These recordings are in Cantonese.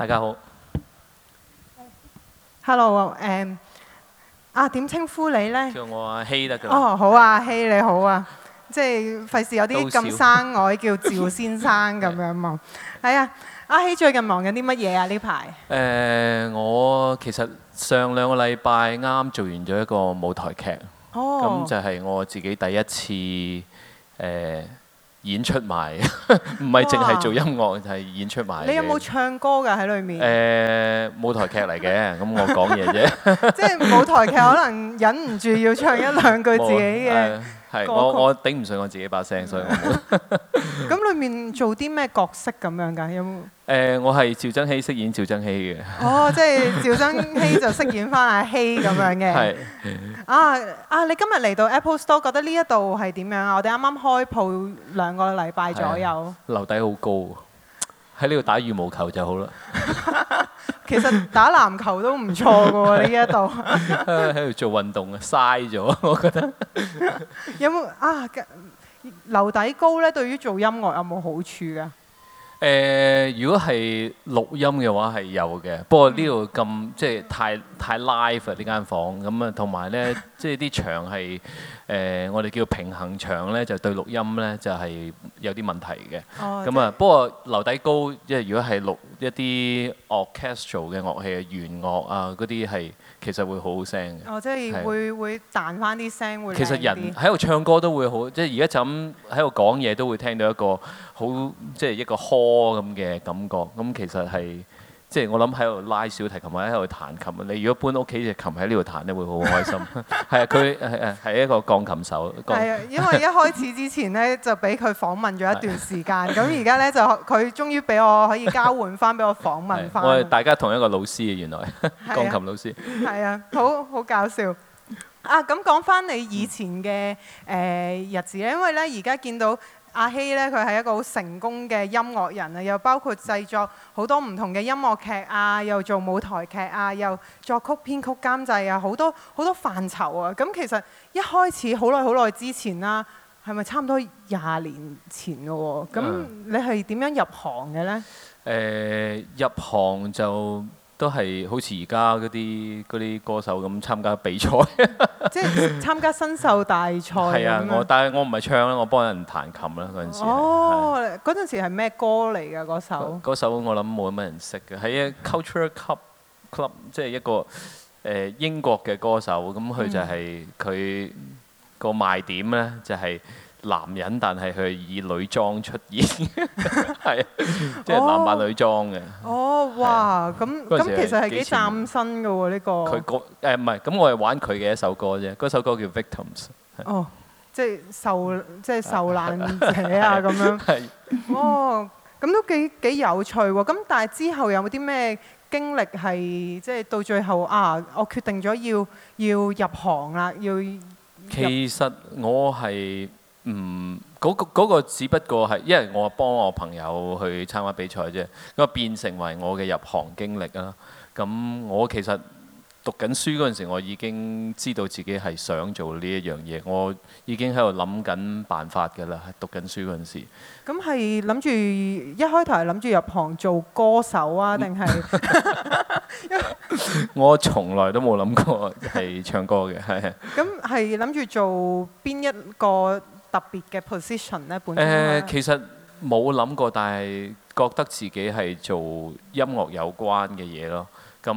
大家好，Hello，誒、uh, 啊點稱呼你呢？叫我阿希得㗎哦，oh, 好啊，希 Yeah.、hey, 你好啊， 即係費事有啲咁生外 叫趙先生咁樣 Yeah.、yeah. 啊。係啊，阿希最近，最近忙緊啲乜嘢啊？呢排？誒，我其實上兩個禮拜啱啱做完咗一個舞台劇，咁、oh. 就係我自己第一次誒。呃演出埋，唔係淨係做音樂，係哇演出埋。你有冇唱歌㗎？喺裡面誒、呃，舞台劇嚟嘅，咁 我講嘢啫。 即係舞台劇，可能忍唔住要唱一兩句自己嘅。係是曲，我我頂唔順我自己把聲，所以我咁裏 面做啲咩角色咁樣㗎？有冇？誒、呃，我係趙增熹，飾演趙增熹嘅。哦，即係趙增熹就飾演翻阿希咁樣嘅。係。啊啊！你今日嚟到 Apple Store，覺得呢一度係點樣啊？我哋啱啱開鋪兩個禮拜左右。啊、樓底好高，喺呢度打羽毛球就好啦。 其實打籃球都唔錯嘅喎，呢 一度。喺度做運動嘅，嘥咗我覺得。有冇啊？樓底高咧，對於做音樂有冇好處㗎？誒、呃，如果係錄音嘅話係有嘅，不過呢度咁即係太太 live 啊呢間房，咁啊同埋咧，呢 即係啲牆係誒我哋叫平衡牆咧，就對錄音咧就係、係、有啲問題嘅。咁啊，不過樓底高，即係如果係錄一啲 orchestral 嘅樂器、弦樂啊嗰啲係。其實會好好聲嘅，哦，即係會是的 會彈翻啲聲，會其實人喺度唱歌都會好，即係而家就咁喺度講嘢都會聽到一個好即係一個呵咁嘅感覺，咁、嗯、其實係。即係我諗喺度拉小提琴，或者喺度彈琴。你如果搬屋企隻琴喺呢度彈咧，你會好開心。係啊，佢係係一個鋼琴手。係啊，因為一開始之前咧就俾佢訪問咗一段時間，咁而家咧就佢終於俾我可以交換翻俾 我訪問翻、 啊。我哋大家同一個老師啊，原來、 啊、 鋼琴老師。係啊，啊，好好搞笑。啊，咁講翻你以前嘅誒、呃、日子咧，因為咧而家見到。阿希咧，佢係一個好成功嘅音樂人啊，又包括製作好多唔同嘅音樂劇啊，又做舞台劇啊，又作曲、編曲、監製啊，好多好多範疇啊。咁其實一開始好耐好耐之前啦，係咪差唔多廿年前嘅喎？咁你係點樣入行嘅呢？誒、嗯，入行就～都係好似而家嗰啲啲歌手咁參加比賽，即係參加新秀大賽。係 啊，我但係我唔係唱啦，我幫人彈琴啦嗰陣時。哦，嗰陣、啊、時係咩歌嚟㗎？嗰首嗰首我諗冇乜人識嘅，喺《Culture Club Club，即係一個誒、呃、英國嘅歌手，咁佢就係、是、佢、嗯、個賣點咧、就係，就係。男人，但係佢以女裝出現，係 即係男扮女裝嘅。 哦，哇，咁咁 其實係幾嶄新嘅喎呢個。佢個唔係咁，哎、我係玩佢嘅一首歌啫。嗰首歌叫《Victims》。哦，即、就、係、是、受即係、就是、受難者啊，咁 樣。係。 哦，咁都幾幾有趣喎、啊。咁但係之後有冇啲咩經歷係即係到最後啊？我決定咗要要入行啦，要。其實我係。嗯，嗰個嗰個只不過係，因為我幫我朋友去參加比賽啫，咁變成為我嘅入行經歷啊。咁我其實讀緊書嗰陣時，我已經知道自己係想做呢一樣嘢，我已經喺度諗緊辦法㗎啦。讀緊書嗰陣時，咁係諗住一開頭係諗住入行做歌手啊，定係？我從來都冇諗過係唱歌嘅，係。咁係諗住做邊一個？特別嘅 position 咧，本身誒，其實冇諗過，但係覺得自己係做音樂有關嘅嘢咯。咁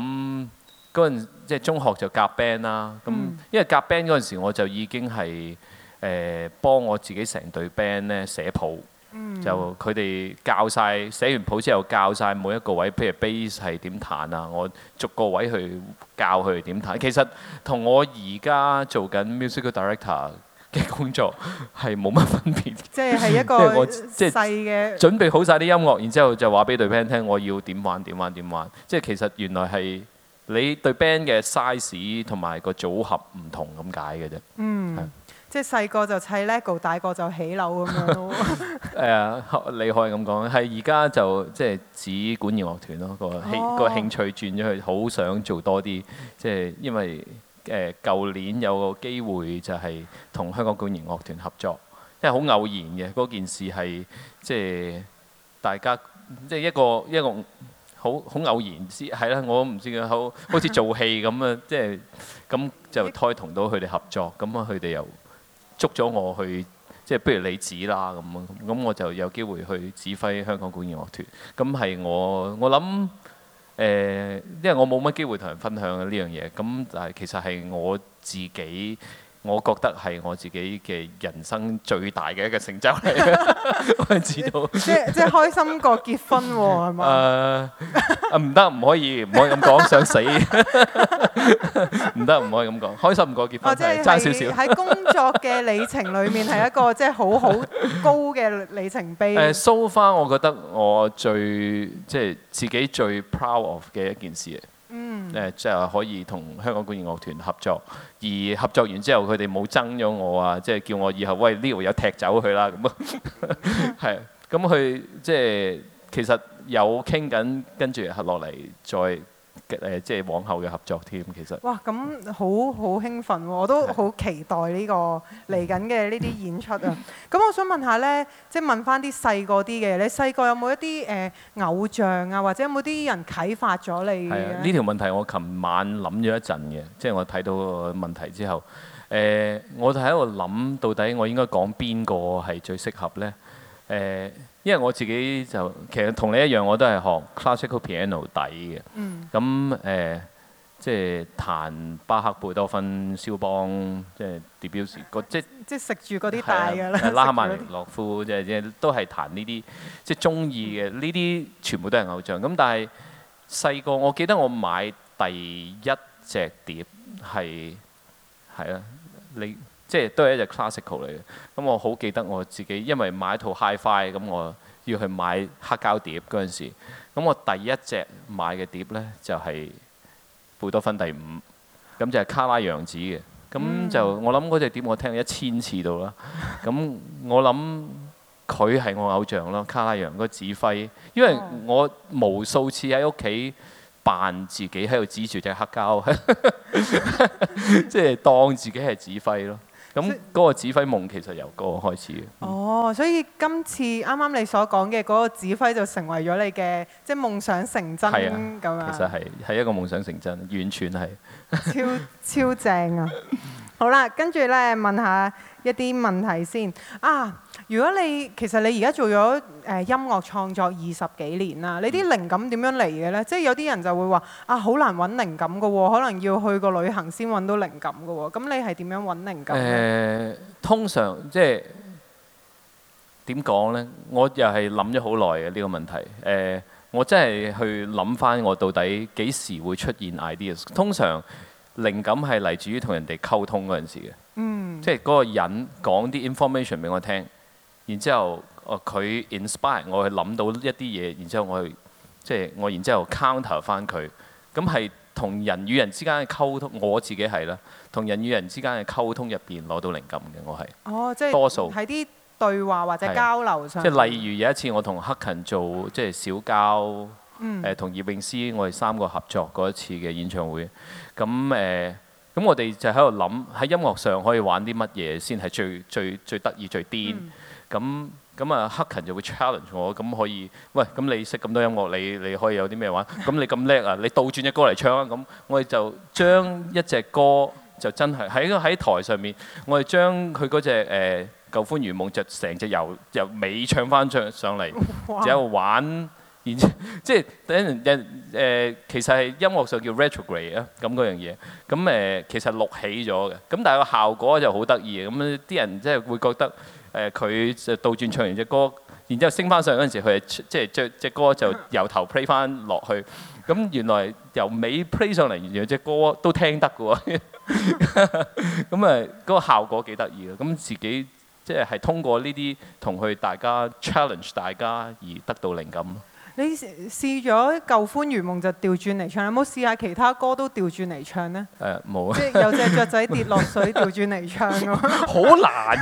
嗰陣即係中學就夾 band 啦。咁、嗯、因為夾 band 嗰陣時，我就已經係誒、呃、幫我自己成隊 band 咧，寫譜，嗯、就佢哋教晒，寫完譜之後教晒每一個位，譬如 bass 係點彈啊，我逐個位去教佢點彈。其實同我而家做緊 musical director 嘅工作係冇乜分別，即係係一個、 就是、細嘅的 準備好晒啲音樂，然之後就話俾隊 band 聽我要點玩點玩點玩。即係、就是、其實原來係你對 band 嘅 size 同埋個組合唔同咁解嘅啫。嗯，是即係細個就砌 lego，大個就起樓咁樣咯。誒，厲害咁講，係而家就即係指管弦樂團咯。個興、哦、個興趣轉咗去，好想做多啲，即、就、係、是、因為。誒舊、呃、年有個機會就係同香港管弦樂團合作，因為即係好，好偶然嘅嗰件事係即係大家即係一個一個好好偶然之係啦，我唔知嘅好好似做戲咁啊， 即係咁就胎同到佢哋合作，咁啊佢哋又捉咗我去，即係不如你指啦咁啊，咁我就有機會去指揮香港管弦樂團，咁係我我諗。誒、呃，因為我冇乜機會同人分享嘅呢樣嘢，咁但係其實係我自己。我覺得係我自己嘅人生最大嘅一個成就嚟嘅，我知道即。即即開心過結婚喎、啊，嘛、 啊？誒、啊，唔得，唔可以，唔可以咁講， 想死，唔 得，唔可以咁講，開心過結婚係爭少少。喺、啊、工作嘅里程裏面係一個即係好好高嘅里程碑、啊。誒 So far 我覺得我最即係自己最 proud of 嘅一件事嘅。即係可以同香港管絃樂團合作，而合作完之後佢哋冇憎咗我啊，即係叫我以後喂呢位有踢走佢啦咁啊，係，咁佢即係其實有傾緊，跟住落嚟再。即係往後嘅合作添，其實哇，咁好好興奮喎！我都好期待呢、呢個嚟緊嘅呢啲演出啊！咁 我想問下呢，即係問翻啲細個啲嘅，你細個有冇一啲誒、呃、偶像啊，或者有冇啲人啟發咗你呢？呢條、這個、問題我琴晚諗咗一陣嘅，即、就、係、是、我睇到個問題之後，誒、呃，我就喺度諗，到底我應該講邊個係最適合呢？呃、誒。因為我自己就其實同你一樣，我都係學 classical piano 底嘅。咁誒、嗯，即、呃、係、即係、彈巴克貝多芬、肖邦，即係 de i, 即係、即係 Debussy，即即食住嗰啲大㗎啦。係啊、拉曼尼諾夫即係即都係彈呢啲，即係鍾意嘅呢啲全部都係偶像。咁但係細個我記得我買第一隻碟係係啊。你。即係都係一隻 classical 嚟嘅，咁我好記得我自己，因為買一套 Hi-Fi，咁我要去買黑膠碟嗰陣時，咁我第一隻買嘅碟呢，就係、是、貝多芬第五，咁就係卡拉揚子嘅，咁就我諗嗰隻碟我聽咗一千次到啦，咁我諗佢係我偶像咯，卡拉揚個指揮，因為我無數次喺屋企扮自己喺度指住隻黑膠，即 係當自己係指揮咯。咁嗰個指揮夢其實由嗰個開始嘅。嗯、哦，所以今次啱啱你所講嘅嗰個指揮就成為咗你嘅即係夢想成真咁啊。咁樣其實係係一個夢想成真，完全係。 超超正啊！ 好啦，跟住咧問一下一啲問題先啊。如果你其實你而家做咗誒、呃、音樂創作二十幾年啦，你啲靈感點樣嚟嘅呢？嗯、即係有啲人就會話啊，好難揾靈感嘅喎、哦，可能要去個旅行先揾到靈感嘅喎、哦。咁你係點樣揾靈感、呃、通常即係點講呢？我又係諗咗好耐嘅呢個問題。誒、呃，我真係去諗返我到底幾時會出現 ideas。通常靈感係嚟自於同人哋溝通嗰陣時嘅，嗯、即係嗰、那個人講啲 information 俾我聽。然之後，佢 inspire 我去諗到一啲嘢，然之後我去即係我，然之後 counter 翻佢咁，係同人與人之間嘅溝通。我自己係啦，同人與人之間嘅溝通入邊攞到靈感嘅，我係哦，即係多數喺啲對話或者交流上，即係例如有一次我同克勤做即係、就是、小交，同、嗯呃、葉詠詩，我哋三個合作嗰一次嘅演唱會咁誒，咁、嗯嗯嗯呃、我哋就喺度諗喺音樂上可以玩啲乜嘢先係最最最得意最癲。最咁咁啊，克勤就會 challenge 我，咁可以喂，咁你識咁多音樂，你你可以有啲咩玩？咁你咁叻啊，你倒轉隻歌嚟唱啊！咁我哋就將一隻歌就真係喺喺台上面，我哋將佢嗰隻誒舊歡如夢，就成隻由由尾唱翻唱上嚟，就喺度玩，然之後即係等陣誒，其實係音樂上叫 retrograde 啊，咁嗰樣嘢，咁誒其實錄起咗嘅，咁但係個效果就好得意嘅，咁啲人即係會覺得。誒佢、呃、就倒轉唱完隻歌，然之後升翻上嗰陣時，佢係即係隻隻歌就由頭 play 翻落去。咁原來由尾 play 上嚟，原來隻歌都聽得嘅喎。咁 啊，嗰、嗰個效果幾得意啊。咁自己即係係通過呢啲同佢大家 challenge 大家而得到靈感。你試咗《舊歡如夢》就調轉嚟唱，有冇試下其他歌都調轉嚟唱呢？誒冇、哎。即係有隻、啊、 雀仔跌落水調轉嚟唱啊！好 難，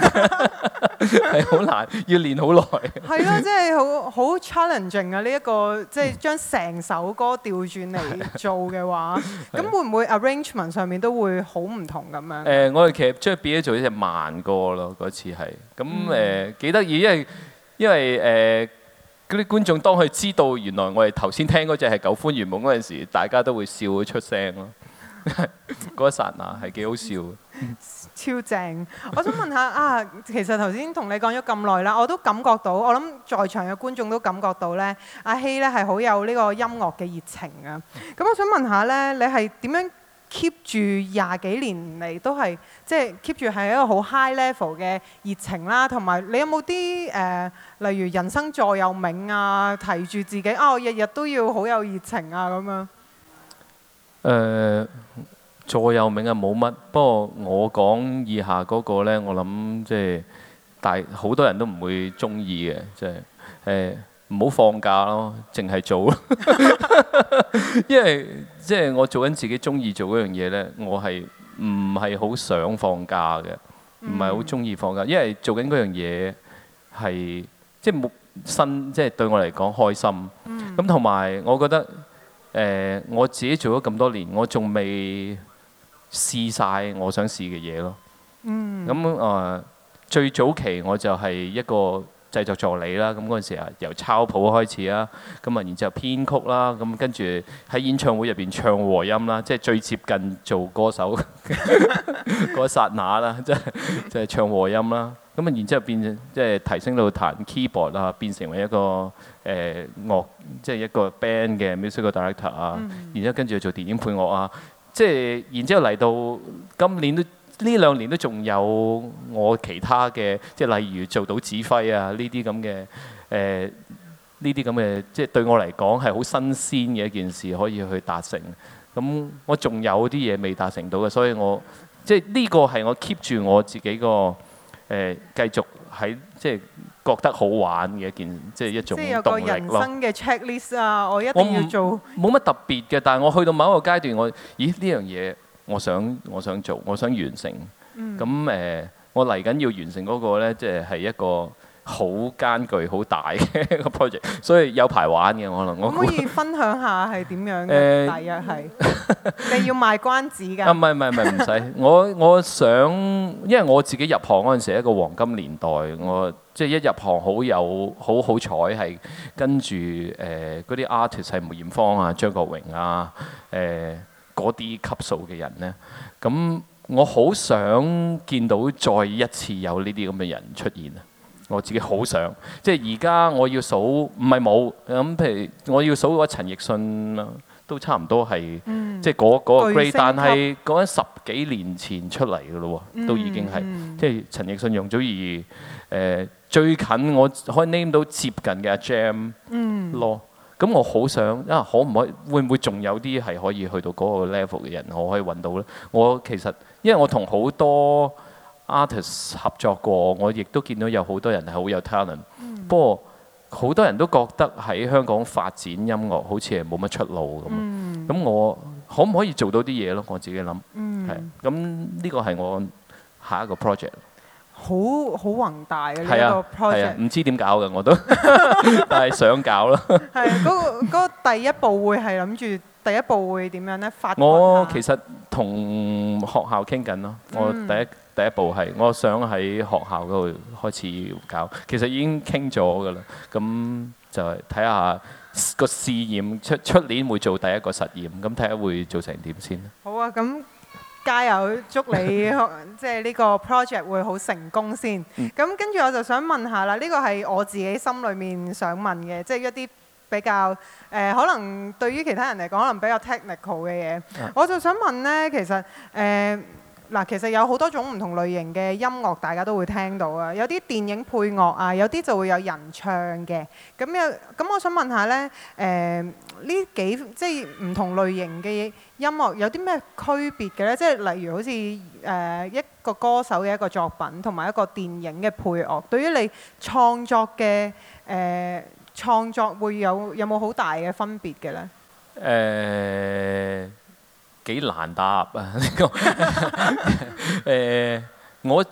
係好難，要練好耐。係咯，即係好好 challenging 啊！呢、就、一、是這個即係將成首歌調轉嚟做嘅話，咁 會唔會 arrangement 上面都會好唔同咁樣？誒、呃，我哋其實即係變咗做一隻慢歌咯，嗰次係咁誒幾得意，因為因為誒。呃嗰啲觀眾當佢知道原來我哋頭先聽嗰隻係《九歡如夢》嗰陣時，大家都會笑咗出聲咯。嗰一剎那係幾好笑嘅，超正。我想問下啊，其實頭先同你講咗咁耐啦，我都感覺到，我諗在場嘅觀眾都感覺到咧，阿希咧係好有呢個音樂嘅熱情啊。咁我想問下咧，你係點樣？keep 住廿幾年嚟都係，即係 keep 住係一個好 high level 嘅熱情啦，同埋你有冇啲誒，例如人生座右銘啊，提住自己哦，日日都要好有熱情啊咁樣？誒、呃，座右銘啊冇乜，不過我講以下嗰個呢，我諗即係大好多人都唔會中意嘅，即係誒。呃唔好放假咯，淨係做，因為即係我做緊自己中意做嗰樣嘢呢，我係唔係好想放假嘅，唔係好中意放假，因為做緊嗰樣嘢係即係冇新，即係對我嚟講開心。咁同埋我覺得誒，我自己做咗咁多年，我仲未試晒我想試嘅嘢咯。咁誒，最早期我就係一個製作助理啦，咁嗰陣時啊，由抄譜開始啦，咁啊，然之後編曲啦，咁跟住喺演唱會入邊唱和音啦，即係最接近做歌手嗰一剎那啦，即係即係唱和音啦，咁啊，然之後變成即係提升到彈 keyboard 啊，變成為一個誒樂、呃，即係一個 band 嘅 musical director 啊、嗯，然之後跟住做電影配樂啊，即係然之後嚟到今年都。呢兩年都仲有我其他嘅，即係例如做到指揮啊呢啲咁嘅，誒呢啲咁嘅，即係對我嚟講係好新鮮嘅一件事，可以去達成。咁、嗯、我仲有啲嘢未達成到嘅，所以我即係呢個係我 keep 住我自己個誒繼續喺即係覺得好玩嘅一件，即係一種。即係有個人生嘅 checklist 啊，我一定要做。冇乜不特別嘅，但係我去到某一個階段，我咦呢樣嘢。我想我想做，我想完成。咁誒、嗯呃，我嚟緊要完成嗰個呢，即係一個好艱巨、好大嘅 project，所以有排玩嘅可能我諗。可以分享下係點樣嘅？大約係你要賣關子㗎。啊，唔係唔係唔使，我我想，因為我自己入行嗰陣時係一個黃金年代，我即係一入行好有好好彩，係跟住誒嗰啲 artist 係梅艷芳啊、張國榮啊，誒、啊。啊嗰啲級數嘅人咧，咁我好想見到再一次有呢啲咁嘅人出現啊！我自己好想，即係而家我要數，唔係冇咁譬如，我要數嗰陳奕迅都差唔多係，嗯、即係嗰、嗰個、嗰個 grade，但係嗰陣十幾年前出嚟嘅咯，都已經係，嗯、即係陳奕迅、容祖兒，誒最近我可以 name 到接近嘅阿 Gem、嗯、咯。咁我好想，因、啊、可唔可以，會唔會仲有啲係可以去到嗰個 level 嘅人，我可以揾到呢？我其實因為我同好多 artist 合作過，我亦都見到有好多人係好有 talent、嗯。不過好多人都覺得喺香港發展音樂好似係冇乜出路咁。咁、嗯、我可唔可以做到啲嘢咯？我自己諗。係咁、嗯，呢個係我下一個 project。好好宏大嘅呢、啊、個 project，唔、啊、知點搞嘅我都， 但係想搞咯。係嗰、 啊嗰個嗰個第一步會係諗住第一步會點樣呢？發我其實同學校傾緊咯。我第一、嗯、第一步係我想喺學校嗰度開始搞，其實已經傾咗㗎喇。咁就係睇下個試驗，出出年會做第一個實驗，咁睇下會做成點先。好啊，咁。加油，祝你 即係呢個 project 會好成功先咁跟住我就想問下啦。呢個係我自己心裏面想問嘅，即係一啲比較誒，可能對於其他人嚟講可能比較 technical 嘅嘢。 我就想問咧，其實誒。呃嗱，其實有好多種唔同類型嘅音樂，大家都會聽到啊。有啲電影配樂啊，有啲就會有人唱嘅。咁有咁，我想問下呢，誒、呃、呢幾即係唔同類型嘅音樂有啲咩區別嘅呢？即係例如好似誒、呃、一個歌手嘅一個作品，同埋一個電影嘅配樂，對於你創作嘅誒、呃、創作會有有冇好大嘅分別嘅呢？誒、呃。幾難答啊！呢個誒，我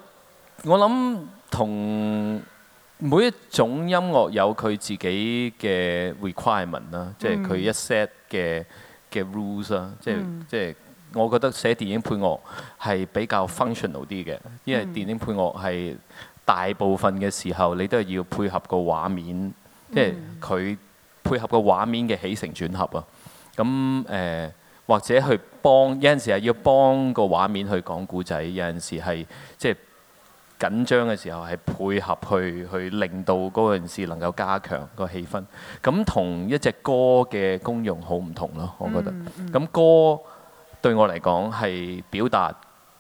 我諗同每一種音樂有佢自己嘅 requirement 啦，即係佢一 set 嘅嘅 rules 啦，即係、嗯、即係我覺得寫電影配樂係比較 functional 啲嘅，因為電影配樂係大部分嘅時候你都係要配合個畫面，嗯、即係佢配合個畫面嘅起承轉合啊。咁誒。呃或者去幫，有陣時係要幫個畫面去講古仔，有陣時係即係緊張嘅時候係配合去去令到嗰陣時能夠加強個氣氛。咁同一隻歌嘅功用好唔同咯，我覺得。咁、嗯嗯、歌對我嚟講係表達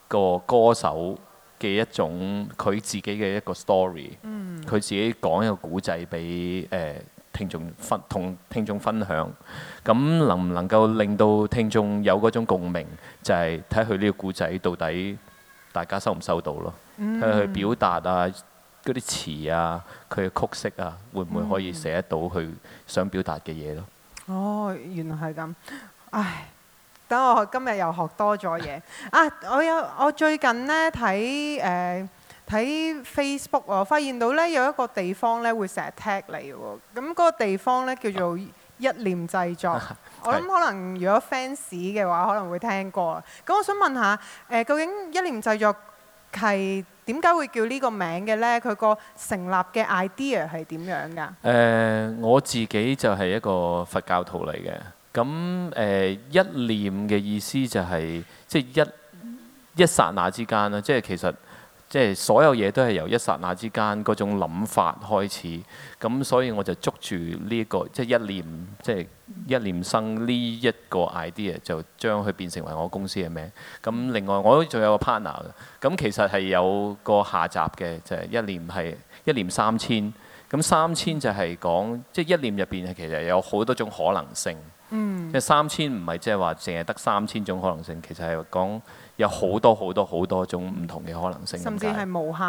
個歌手嘅一種佢自己嘅一個 story，佢、嗯、自己講一個古仔俾誒聽眾分同聽眾分享。咁能唔能夠令到聽眾有嗰種共鳴，就係睇佢呢個故仔到底大家收唔收到咯？睇佢表達啊，嗰啲詞啊，佢嘅曲式啊，會唔會可以寫得到佢想表達嘅嘢咯？哦，原來係咁。唉，等我今日又學多咗嘢啊！我有我最近呢睇誒睇 Facebook，我發現到呢有一個地方呢會成日 tag 你喎。咁嗰個地方呢叫做，一念製作，我諗可能如果 fans 嘅話可能會聽過。咁我想問下，誒、呃、究竟一念製作係點解會叫呢個名嘅呢？佢個成立嘅 idea 係點樣噶？誒、呃，我自己就係一個佛教徒嚟嘅。咁誒、呃，一念嘅意思就係即係一一剎那之間啦。即係其實。即係所有嘢都係由一剎那之間嗰種諗法開始，咁所以我就捉住呢、這、一個即係一念，即係一念生呢一個 idea，就將佢變成為我公司嘅名。咁另外我都仲有個 partner，咁其實係有個下集嘅，就係、是、一念係一念三千，咁三千就係講即係一念入邊係其實有好多種可能性。嗯，即係三千唔係即係話淨係得三千種可能性，其實係講。有好多好多好多種唔同嘅可能性，甚至係無限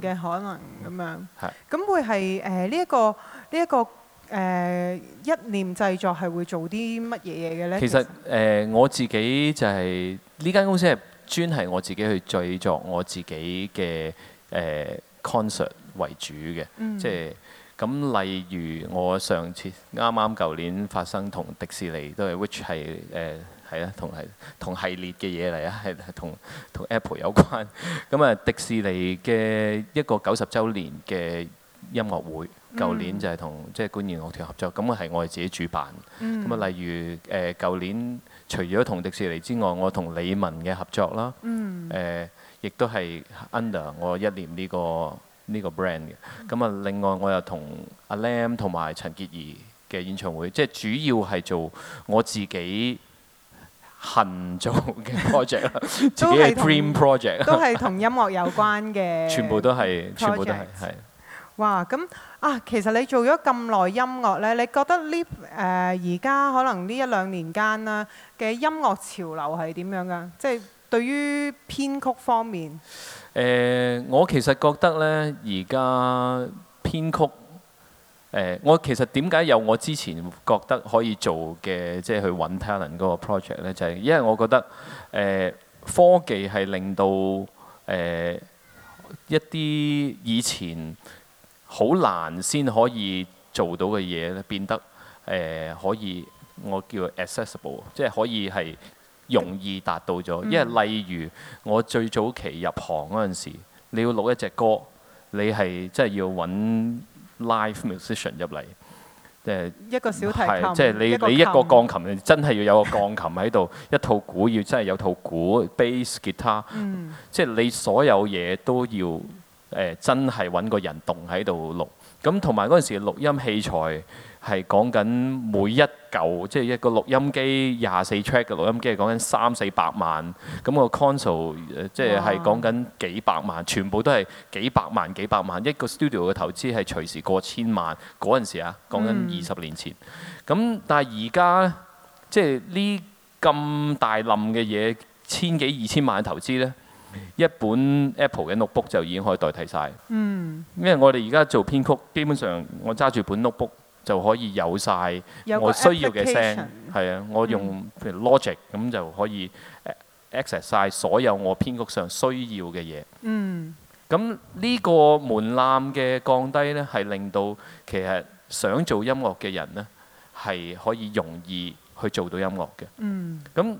嘅可能咁的樣，係的，咁會係誒呢一個呢一個誒一念製作係會做啲乜嘢嘢嘅咧？其實誒、呃、我自己就係呢間公司係專係我自己去製作我自己嘅誒、呃、concert 為主嘅，即係咁。例如我上次啱啱舊年發生同迪士尼都係 which 係、呃。誒。係啊，同係同系列嘅嘢嚟啊，係同同 Apple 有關。咁啊，迪士尼嘅一個九十週年嘅音樂會，舊、嗯、年就係同即係管絃樂團合作，咁啊係我哋自己主辦。咁啊、嗯，例如誒舊、呃、年除咗同迪士尼之外，我同李玟嘅合作啦，誒、嗯呃、亦都係 Under 我一年呢、這個呢、這個 brand 嘅。咁啊，另外我又同阿 Lam 同埋陳潔儀嘅演唱會，即係主要係做我自己。行做嘅 project 啦，自己 dream project 都係同音樂有關嘅，全部都係，全部都係係。哇！咁啊，其實你做咗咁耐音樂咧，你覺得呢誒而家可能呢一兩年間啦嘅音樂潮流係點樣噶？即係對於編曲方面，誒，我其實覺得咧，而家編曲。誒，我其實點解有我之前覺得可以做嘅，即係去揾 talent 嗰個 project 呢？就係因為我覺得誒科技係令到誒一啲以前好難先可以做到嘅嘢咧，變得誒可以我叫 accessible，即係可以係容易達到咗。嗯，因為例如我最早期入行嗰陣時，你要錄一隻歌，你係即係要揾。Live musician 入嚟，即、呃、誒一個小提琴，你一個鋼琴。你真係要有個鋼琴喺度， 一套鼓要真係有套鼓，bass guitar，即係、嗯、你所有嘢都要誒、呃，真係揾個人動喺度錄。咁同埋嗰陣時錄音器材。係講緊每一嚿，即係一個錄音機廿四 track 嘅錄音機，係講緊三四百萬。咁個 console 即係講緊幾百萬，啊、全部都係幾百萬幾百萬。一個 studio 嘅投資係隨時過千萬。嗰陣時啊，講緊二十年前。咁、嗯、但係而家即係呢咁大冧嘅嘢，千幾二千萬嘅投資呢，一本 Apple 嘅 notebook 就已經可以代替晒。嗯，因為我哋而家做編曲，基本上我揸住本 notebook。就可以有晒我需要嘅聲，係個啊，我用 logic 咁、嗯、就可以 access 曬所有我編曲上需要嘅嘢。嗯，咁呢個門檻嘅降低呢，係令到其實想做音樂嘅人呢，係可以容易去做到音樂嘅。嗯，咁、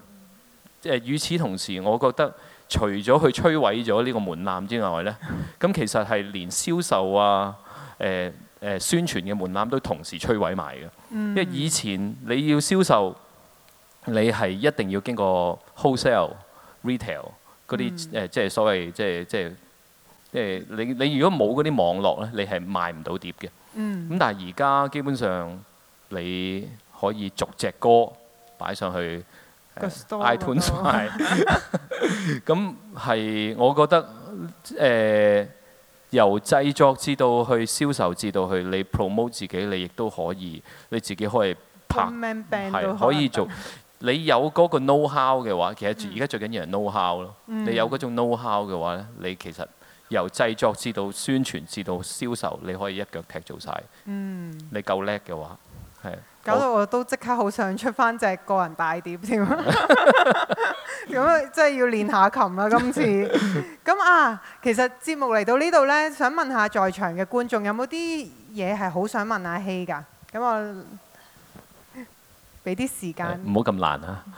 呃、誒，與此同時，我覺得除咗去摧毀咗呢個門檻之外呢，咁其實係連銷售啊，誒、呃。誒，宣傳嘅門檻都同時摧毀埋嘅，因為以前你要銷售，你係一定要經過 wholesale、retail 嗰啲誒，即係所謂即係即係即係你你如果冇嗰啲網絡咧，你係賣唔到碟嘅。嗯。咁但係而家基本上你可以逐隻歌擺上去 iTunes 賣，咁係我覺得誒。呃由製作至到去銷售至到去，你 promote 自己你亦都可以，你自己可以拍，oman 係可以做。 你有嗰個 know how 嘅話，其實而家最緊要係 know how 咯。Mm. 你有嗰種 know how 嘅話咧，你其實由製作至到宣傳至到銷售，你可以一腳踢做晒。Mm. 你夠叻嘅話。係。搞到我都即刻好想出翻隻個人大碟添，咁啊，真係要練下琴啦今次。咁 啊，其實節目嚟到呢度呢，想問下在場嘅觀眾，有冇啲嘢係好想問阿希㗎？咁我俾啲時間，唔好咁難啊！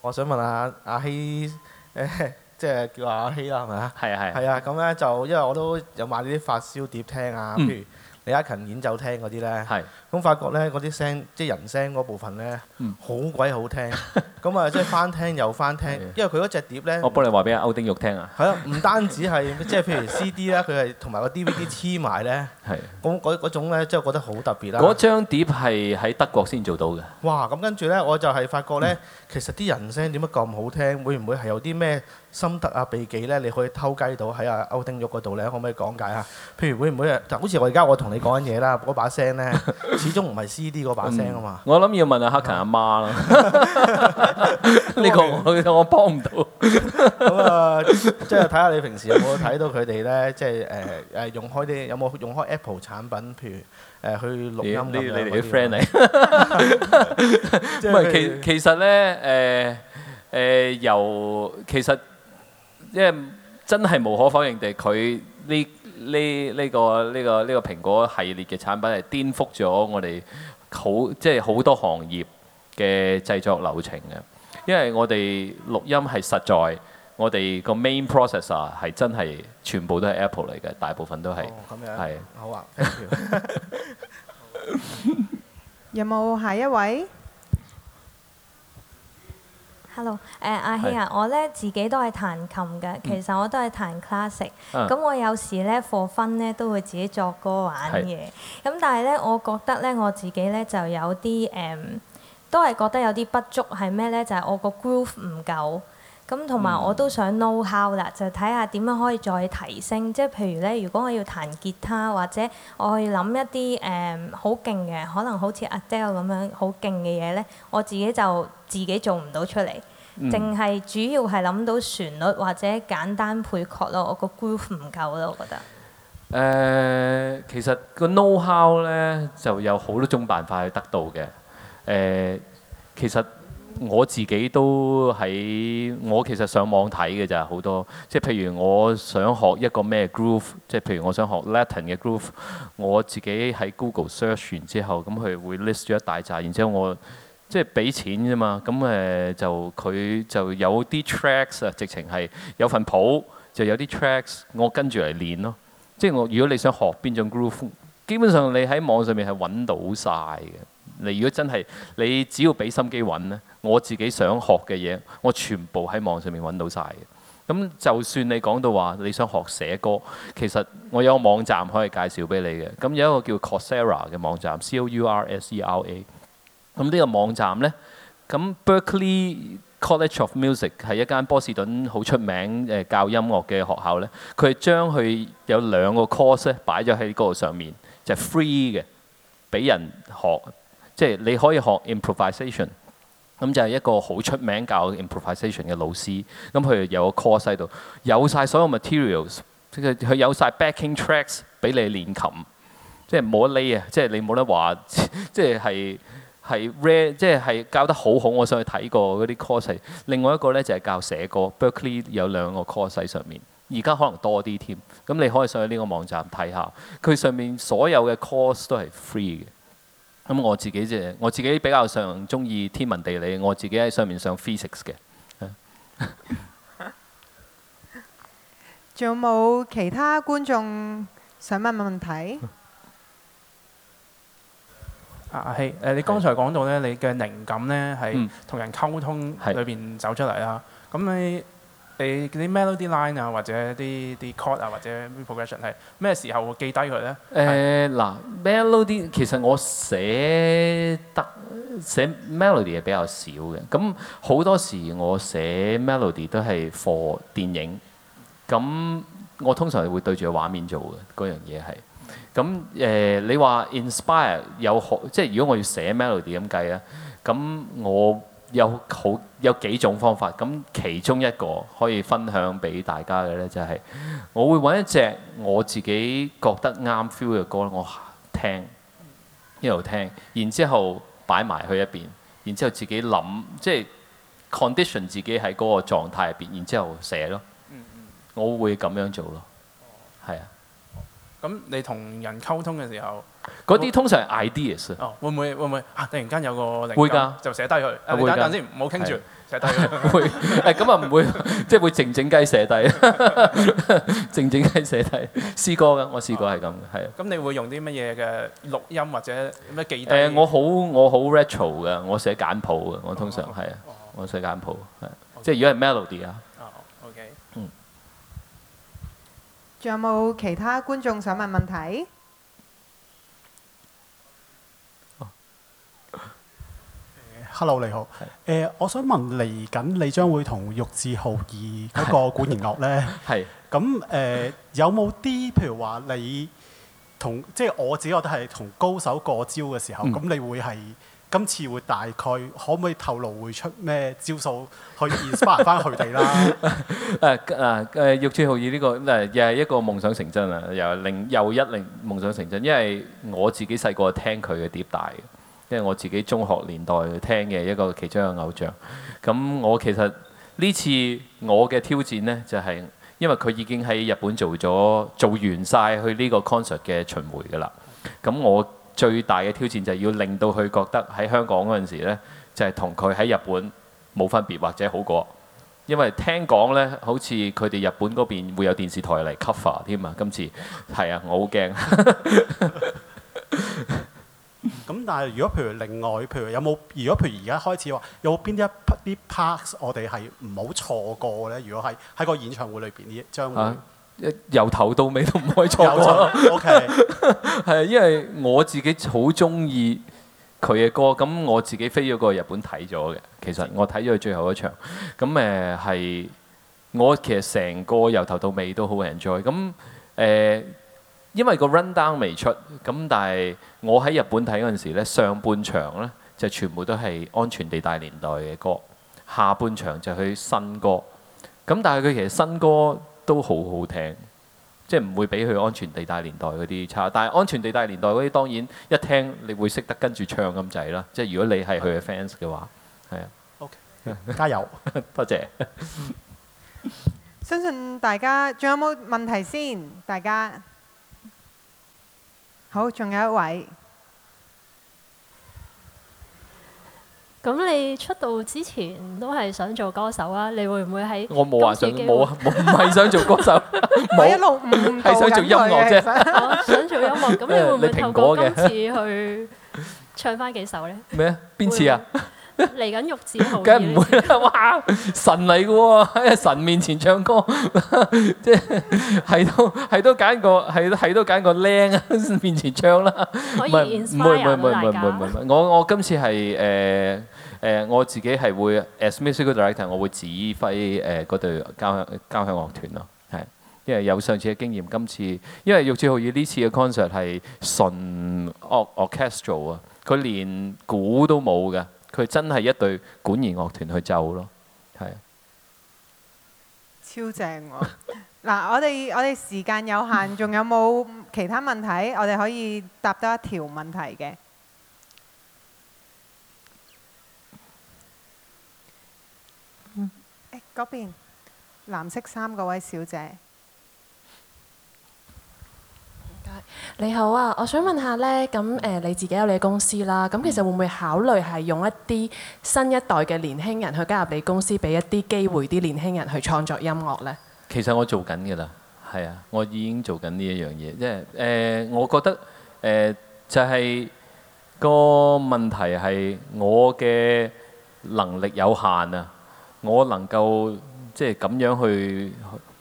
我想問，問下阿希，誒即係叫阿希啦，係咪啊？係啊係。係啊，咁咧就因為我都有買啲發燒碟聽啊，譬如李克勤演奏廳嗰啲咧。嗯些咁發覺咧，嗰啲聲即係人聲嗰部分咧，好鬼好聽。咁啊，即係翻聽又翻聽，因為佢嗰隻碟咧，我幫你話俾阿歐丁玉聽啊。係啊，唔單止係即係譬如 CD 啦，佢係同埋個 DVD 黐埋咧。係。咁嗰嗰種咧，即係覺得好特別啦。嗰張碟係喺德國先做到嘅。哇！咁跟住咧，我就係發覺咧，其實啲人聲點解咁好聽？會唔會係有啲咩心得啊秘技咧？你可以偷雞到喺阿歐丁玉嗰度咧，可唔可以講解下？譬如會唔會啊？就好似我而家我同你講緊嘢啦，嗰把聲咧。始終唔係 C D 嗰把聲啊嘛， 我諗要問阿黑琴阿媽啦，呢個我 我，我，我幫唔到， 咁啊，即係睇下你平時有冇睇到佢哋咧，即係誒誒用開啲有冇用開 Apple 產品，譬如誒、呃、去錄音啲、哎，你哋啲 friend 嚟，唔係其其實咧誒誒由其實即係真係無可否認地，佢呢。呃呃呃呃呢呢個呢個呢個蘋果系列嘅產品係顛覆咗我哋好即係好多行業嘅製作流程嘅，因為我哋錄音係實在，我哋個 main processor 係真係全部都係 Apple 嚟嘅，大部分都係，係、哦、咁樣、是好啊。 有冇下一位？hello，誒阿希啊，我咧自己都係彈琴嘅，mm. 其實我都係彈 clas、mm. sic 咁我有時咧 for fun 咧都會自己作歌玩嘅，咁 Yes. 但係咧我覺得咧我自己咧就有啲誒，um, 都係覺得有啲不足係咩咧？就係、是、我個 groove 唔夠，咁同埋我都想 know how 啦，就睇下點樣可以再提升，即、就、係、是、譬如咧，如果我要彈吉他或者我去諗一啲誒好勁嘅，可能好似 Adele 咁樣好勁嘅嘢咧，我自己就自己做唔到出嚟。淨係、嗯、主要係諗到旋律或者簡單配樂咯，我個 groove 唔夠咯，我覺得。誒、呃，其實個 know how 呢就有好多種辦法去得到嘅。誒、呃，其實我自己都喺我其實上網睇嘅咋，好多即係譬如我想學一個咩 groove，即係譬如我想學 Latin 嘅 groove，我自己喺 Google search 完之後，咁佢會 list 咗一大扎，然之後我。即係俾錢啫嘛，咁誒、呃、就佢就有啲 tracks 啊，直情係有份譜，就有啲 tracks，我跟住嚟練咯。即係我如果你想學邊種 groove，基本上你喺網上面係揾到晒嘅。你如果真係你只要俾心機揾呢，我自己想學嘅嘢，我全部喺網上面揾到晒嘅。咁就算你講到話你想學寫歌，其實我有個網站可以介紹俾你嘅。咁有一個叫 Coursera 嘅網站，C O U R S E R A。咁呢個網站呢，咁 Berkeley College of Music 係一間波士頓好出名誒教音樂嘅學校呢。佢係將佢有兩個 course 咧擺咗喺嗰度上面，就係 free 嘅，俾人學，即係你可以學 improvisation。咁就係一個好出名教 improvisation 嘅老師。咁佢有個 course 喺度，有晒所有 materials，即係佢有晒 backing tracks 俾你練琴，即係冇得 lay 啊，即係你冇得話，即係係。係 Rare，即係係教得好好。我想去睇過嗰啲 course。另外一個呢，就係、是、教寫歌。Berklee 有兩個 course 喺上面，而家可能多啲添。咁你可以上去呢個網站睇下，佢上面所有嘅 course 都係 free 嘅。咁我自己啫，我自己比較上中意天文地理，我自己喺上面上 physics 嘅。仲 有冇其他觀眾想問問題？ 啊，希，誒，你剛才講到咧，是你嘅靈感咧係同人溝通裏邊走出嚟啦。咁是你你啲 melody line 啊，或者啲啲 chord 啊，或者 progression 係，咩時候會記低佢咧？誒嗱，melody 其實我寫得寫 melody 係比較少嘅。咁好多時我寫 melody 都係 for 電影。咁我通常係會對住個畫面做嘅，嗰樣嘢係。咁誒、呃，你話 inspire 有好，即係如果我要寫 melody 咁計咧，咁我有好有幾種方法。咁其中一個可以分享俾大家嘅咧，就係、是、我會揾一隻我自己覺得啱 feel 嘅歌，我聽一路聽，然之後擺埋去一邊，然之後自己諗，即係 condition 自己喺嗰個狀態入邊，然之後寫咯。嗯嗯、我會咁樣做咯，係、哦、啊。咁你同人溝通嘅時候，嗰啲通常係 ideas。哦，會唔會會唔會啊？突然間有個靈感，會㗎，就寫低佢。誒，等陣先，唔好傾住，寫低佢。會，誒，咁啊唔會，即係會靜靜雞寫低，靜靜雞寫低詩歌嘅，我試過係咁嘅，係。咁你會用啲乜嘢嘅錄音或者咩記低？誒，我好我好 rational 㗎，我寫簡譜㗎，我通常係啊，我寫簡譜係，即係如果係 melody 啊。仲有冇其他觀眾想問問題，uh,？Hello，你好。誒是，uh, 我想問嚟緊你將會同玉志豪以一個管弦樂咧。係 是。咁誒，uh, 有冇啲譬如話你同即係我自己，我覺得係同高手過招嘅時候，咁，嗯、你會係？今次會大概可唔可以透露會出咩招數去 inspire 返佢哋啦？誒誒誒，玉置浩二呢個誒又係一個夢想成真啊，又令又一令夢想成真，因為我自己細個聽佢嘅碟大嘅，因為我自己中學年代聽嘅一個其中一個偶像。咁我其實呢次我嘅挑戰呢就係，因為佢已經喺日本做咗做完曬去呢個 concert 嘅巡迴噶啦，咁我。最大嘅挑戰就係要令到佢覺得喺香港嗰陣時呢，就係同佢喺日本冇分別或者好過。因為聽講呢，好似佢哋日本嗰邊會有電視台嚟 cover 添啊！今次係 啊，我好驚。咁、 嗯、但係如果譬如另外，譬如有冇？如果譬如而家開始話，有冇邊啲一啲 parts 我哋係唔好錯過呢？如果係喺個演唱會裏邊呢將會。由頭到尾都唔可以錯過。OK，係因為我自己好中意佢嘅歌，咁我自己飛咗過去日本睇咗嘅。其實我睇咗佢最後一場，咁誒係我其實成個由頭到尾都好 enjoy。咁誒、呃，因為個 run down 未出，咁但係我喺日本睇嗰陣時咧，上半場呢就全部都係安全地帶年代嘅歌，下半場就係佢新歌。咁但係佢其實新歌。都好好聽，即係唔會比佢安全地帶年代嗰啲差。但係安全地帶年代嗰啲當然一聽你會識得跟住唱咁滯啦。即係如果你係佢嘅 fans 嘅話，係啊。OK，加油，多 謝，謝。 相信大家仲有冇問題先？大家好，仲有一位。咁你出道之前都係想做歌手啊？你會唔會喺我冇沒話想，冇啊！唔係想做歌手，我 有一路唔係想做音樂啫。其實 我想做音樂，咁 你會唔會過透過今次去唱翻幾首咧？咩？邊次啊？呢 嚟緊，玉智豪梗係唔會啦，哇！神嚟嘅喎，喺神面前唱歌，即係係都係都揀個係係都揀個靚啊面前唱啦，唔係唔唔唔唔唔唔唔，我我今次係誒誒我自己係會 as musical director，我會指揮誒嗰隊交響交響樂團咯，係因為有上次嘅經驗，今次因為玉智豪要呢次嘅 concert 係純樂 orchestral 啊，佢連鼓都冇㗎。佢真係一隊管絃樂團去奏咯，係。超正喎！嗱，我哋我哋時間有限，仲有冇其他問題？我哋可以答多一條問題嘅。誒，嗰邊藍色衫嗰位小姐。你好啊，我想問下呢，咁誒你自己有你公司啦，咁其實會唔會考慮係用一啲新一代嘅年輕人去加入你公司，俾一啲機會啲年輕人去創作音樂呢？其實我做緊嘅啦，係啊，我已經做緊呢一樣嘢，即係呃，我覺得呃，就係個問題係我嘅能力有限啊，我能夠即係咁樣去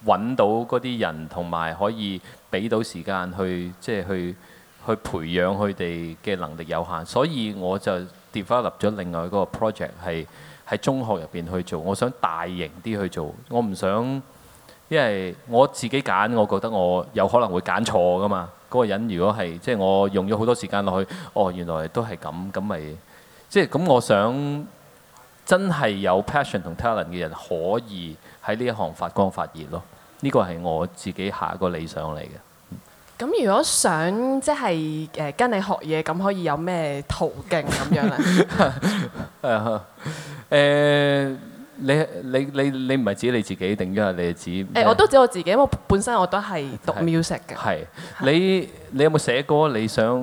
揾到嗰啲人同埋可以。俾到時間去，即係去去培養佢哋嘅能力有限，所以我就 develop 咗另外一個 project 係喺中學入邊去做。我想大型啲去做，我唔想，因為我自己揀，我覺得我有可能會揀錯噶嘛。嗰、嗰個人如果係即係我用咗好多時間落去，哦原來都係咁，咁咪、即係、即係咁。我想真係有 passion 同 talent 嘅人可以喺呢一行發光發熱咯。呢個係我自己下一個理想嚟嘅。咁如果想即係誒跟你學嘢，咁可以有咩途徑咁樣咧？誒，你你你你唔係指你自己定咗係你係指？誒，我都指我自己，因為我本身我都係讀 music 嘅。係你你有冇寫歌？你想？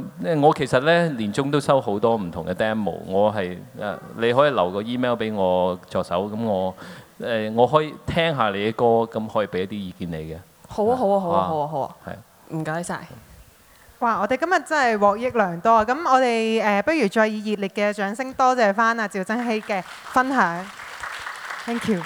我其實咧年中都收好多唔同嘅 demo。我係誒，你可以留個 email 俾我助手。咁我。誒，我可以聽下你嘅歌，咁可以俾一啲意見你嘅。好啊，好啊，好啊，好啊，好啊。係啊。唔該晒。哇！我哋今日真係獲益良多啊！咁我哋誒、呃，不如再以熱烈嘅掌聲多謝翻阿趙增熹嘅分享。Thank you.